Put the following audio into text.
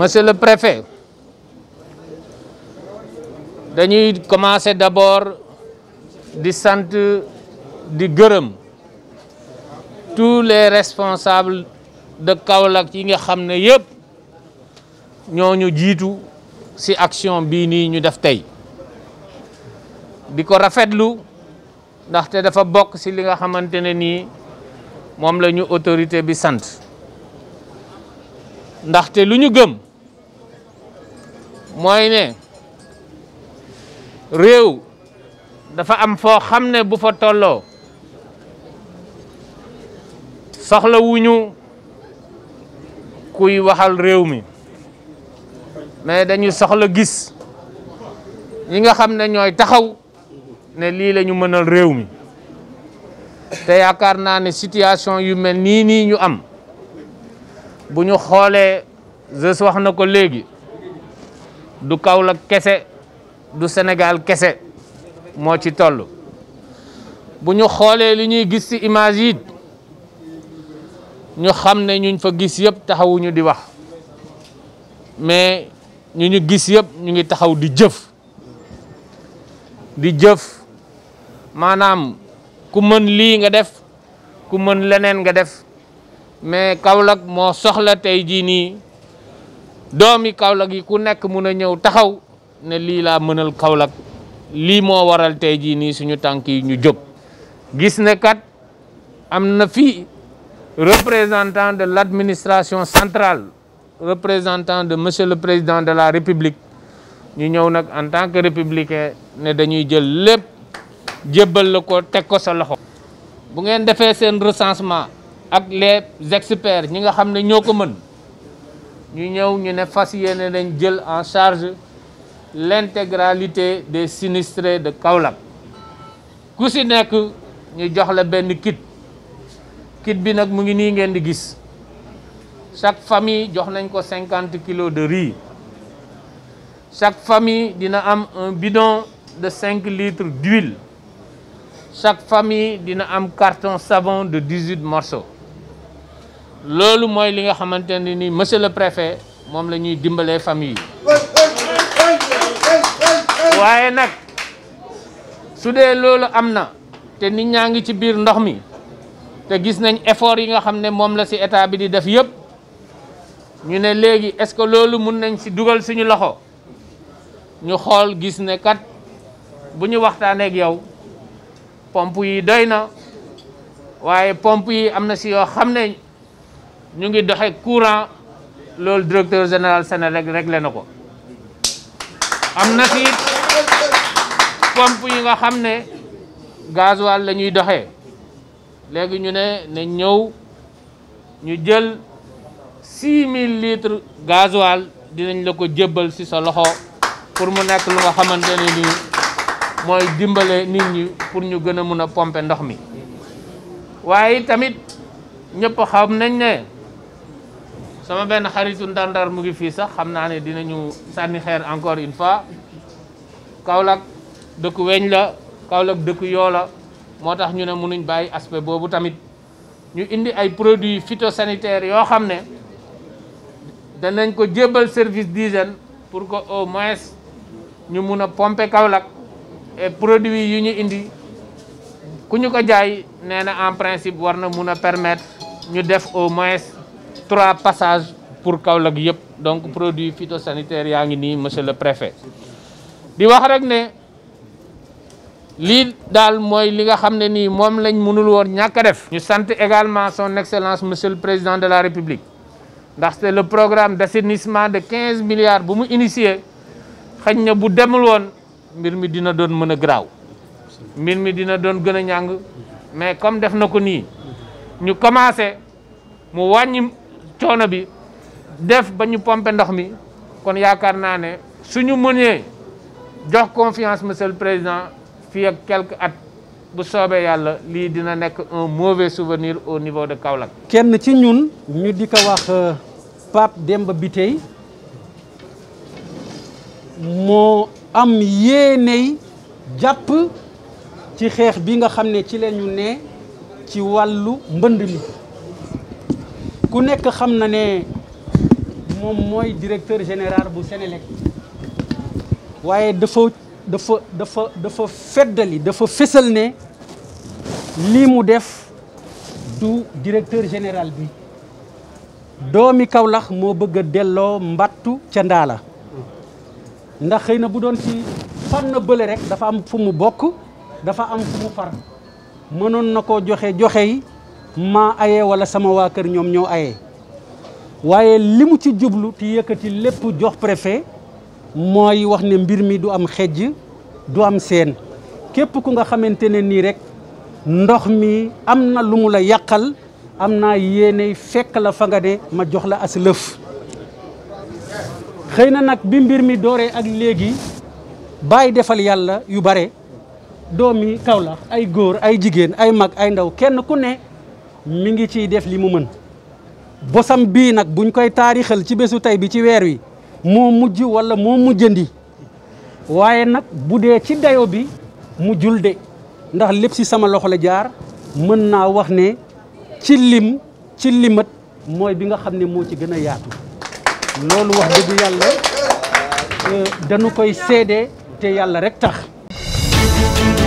Monsieur le Préfet, dañuy commencer d'abord di sant di gërëm tous les responsables de Kaolack yi nga xam ne yëpp ñoo ñu jiitu ci action bii nii ñu def tey di ko rafetlu ndaxte dafa bokk ci li nga xamante ne nii moom autorité bi sant ndaxte lu ñu gëm mooy ne réew dafa am foo xam ne bu fa tolloo soxla wuñu kuy waxal réew mi mais dañu soxla gis ñi nga xam ne ñooy taxaw ne lii la ñu mënal réew mi te yaakaar naa ne situation yu mel nii nii ñu am bu ñu xoolee je wax na ko léegi du kaoula kese du Sénégal kese mo ci tollu buñu xolé xoolee li ñuy gis ci image yi ñu xam ñuñ fa gis taxawu ñu di wax mais ñu ñu gis yëpp ñu ngi taxaw di jëf di jëf manam ku mën li nga def ku mën leneen nga def mais kaoulak mo soxla tay ji ni Domi kaulak yi ku nek mun a ñëw taxaw ne lii waral teji ni nii tangki tànk yi ñu jóg gis ne kat am na représentant de l'administration centrale représentant de monsieur le président de la république ñu ñew nak en tant que républicain ne dañuy jël lepp jébbal lako ko ko sa loxo bu ngeen defee sen recensement ak les experts ñi nga xamné ñoko ñoo nous avons facilité en charge l'intégralité des sinistrés de Kaulak. Nous avons fait kit. kit Chaque famille a 50 kg de riz. Chaque famille a un bidon de 5 litres d'huile. Chaque famille a un carton savon de 18 morceaux. loolu mooy li nga xamante ne ni monsieur le préfet moom lañuy dimbalee famille yi waaye nag su dee loolu am na te nit ñaa ngi ci biir ndox mi te gis nañ effort yi nga xam ne moom la si état bi di def yëpp ñu ne léegi est-ce que loolu mun nañ si dugal suñu loxo ñu xool gis ne kat bu ñu waxtaaneek yow pompe yi doy na waaye pompe yi am na ci yoo xam ne ñu ngi doxe courant loolu directeur général rek réglé na ko am na fi pompe yi nga xam ne gasoil la ñuy doxee léegi ñu ne ne ñëw ñu jël six mille litres gasoil dinañ la ko jébbal ci sa loxo pour mu nekk lu nga xamante ne nii mooy dimbale nit ñi pour ñu gën a mun a pompe ndox mi waaye tamit ñëpp xam nañ ne sama ben xaritu ndàndar mu ngi fi sax xamna naa ne dinañu sanni xeer encore une fois kaolak dekk weñ la kaolak dekk yo la motax ñu ne mënuñ bay aspect bobu tamit ñu indi ay produits phytosanitaires yo xamne ne nañ ko jébbal service d'hygiène pour que au moins ñu mëna pomper kaolak et produits yu ñu indi ku ñu ko jaay nee en principe warna mëna permettre ñu def au moins trois passages pour lak yep donc produit phytosanitaire yaangi ni monsieur le préfet di wax rek ne li dal moy li nga xam ni mom lañ mënul wor ñàkk def. ñu sante également son excellence monsieur le président de la république c'est le programme d'assainissement de 15 milliards bu mu initier xëy bu demul won mbir mi dina doon mën a garaaw mbir mi dina doon gëna a mais comme def nako ni ñu commencé mu wañi coono bi def ba ñu pomper ndox mi kon yaakaar naa ne suñu mënee jox confiance monsieur le président fii ak quelque at bu soobee yàlla lii dina nekk un mauvais souvenir au niveau de Kaolack. kenn ci ñun ñu di ko wax euh, Pape bi Bitèye moo am yéeney jàpp ci xeex bi nga xam ne ci la ñu ne ci wàllu mbënd mi. ku nekk xam na ne moom mooy directeur général bu Sénélec waaye dafa dafa dafa dafa feddali dafa fésal ne lii mu def du directeur général bi doomi Kaolack moo bëgg a delloo mbattu ca ndaala ndax xëy na bu doon ci na bële rek dafa am fu mu bokk dafa am fu mu far mënoon na koo joxe joxe yi maa aye wala sama waa kër ñoom ñoo aye waaye li mu ci jublu te yëkkati lépp jox préfet mooy wax ne mbir mi du am xejj du am seen képp ku nga xamante ne nii rek ndox mi am na lu mu la yàqal am naa yéene fekk la fa nga ne ma jox la as lëf xëy na nag bi mbir mi dooree ak léegi bay defal yàlla yu bare doomi Kaolack ay góor ay jigéen ay mag ay ndaw kenn ku ne mi ngi ciy def li mu mën bosam bii nag buñ koy taarixal ci bésu tey bi ci weer wi moo mujj walla moo mujjandi waaye nag bu dee ci dayo bi mujjul de ndax lépp si sama loxo la jaar mën naa wax ne ci lim ci limat mooy bi nga xam ne moo ci gën a yaatu loolu wax dëgg yàlla euh, dañu koy seede te yàlla rekk tax